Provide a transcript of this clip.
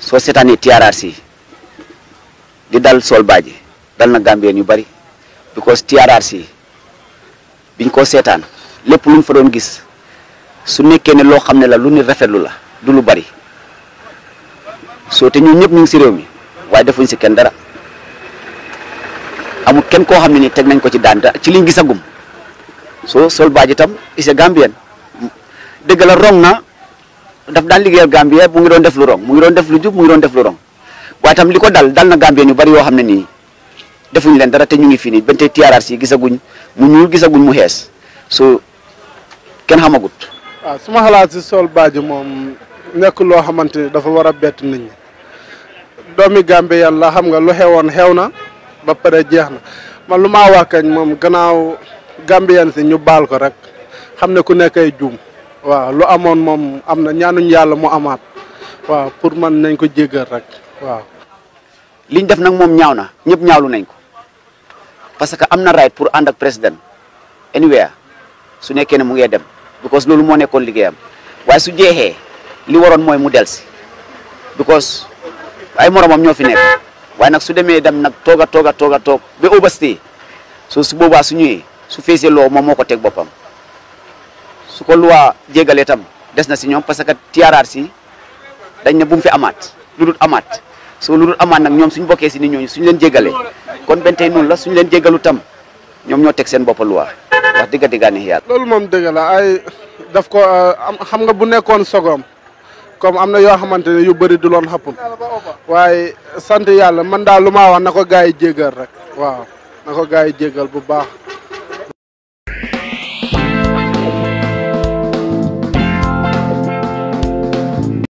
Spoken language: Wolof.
soo seetaanee TRRC di dal sol baaji dal na Gambien yu bari because TRRC biñ ko seetaan lepp luñ fa doon gis su nekké ne lo xamné la lu ni rafetlu la du lu bari so te ñun ñëpp ñu ngi si réew mi way defuñ ci kenn dara amu kenn ko xamné ni tek nañ ko ci daan ci liñ gisagum so sol baaji tam ise Gambien deug la rong na daf daan liggéeyal Gambien mu ngi doon def lu rong mu ngi doon def lu jub mu ngi doon def lu rong waaye tam li ko dal dal na Gambien yu bari yoo xam ne nii defuñu leen dara te ñu ngi fii nii ba tey TRRC gisaguñ mu ñuul gisaguñ mu xees su kenn xamagut. waaw ah, su ma xalaat si Sol Badji moom nekk loo xamante ni dafa war a bett nañu ñi doomi Gambien la xam nga lu xewoon xew na ba pare jeex na ma lu ma wax kañ moom ganaaw Gambien si ñu baal ko rek xam ne ku nekk ay waaw lu amon mom amna ñaanu ñaanuñ mo mu amaat waaw pour man nañ ko jéggal rek waaw. liñ def nak mom ñaawna na ñaawlu nañ ko parce que amna pur right pour and ak président anywhere su nekké ne mu ngi dem because lolu mo nekkon wa waaye su jéxé li waron moy mu delsi because ay moromam ñoo fi nekk wa nak su démé dem nak toga toga toga tok be a su su boba su ñuy su fessé lo mom moko tek bopam su ko loi jégalee tam des na si ñom parce que tiyaaraat si dañ ne bu fi amat lu amat so lu amat nak ñom ñoom suñ bokkee si ni ñooñu suñ leen jégalee kon benn tey noonu la suñ leen jégalu tam ñom ñoo tek seen bop loi wax diga diga ni mom la ay daf ko xam nga bu nekkon sogom comme amna yo xamantene yu bari du lon xappun waye sante yalla man da luma wax nako ko gars rek waaw nako ko jegal bu baax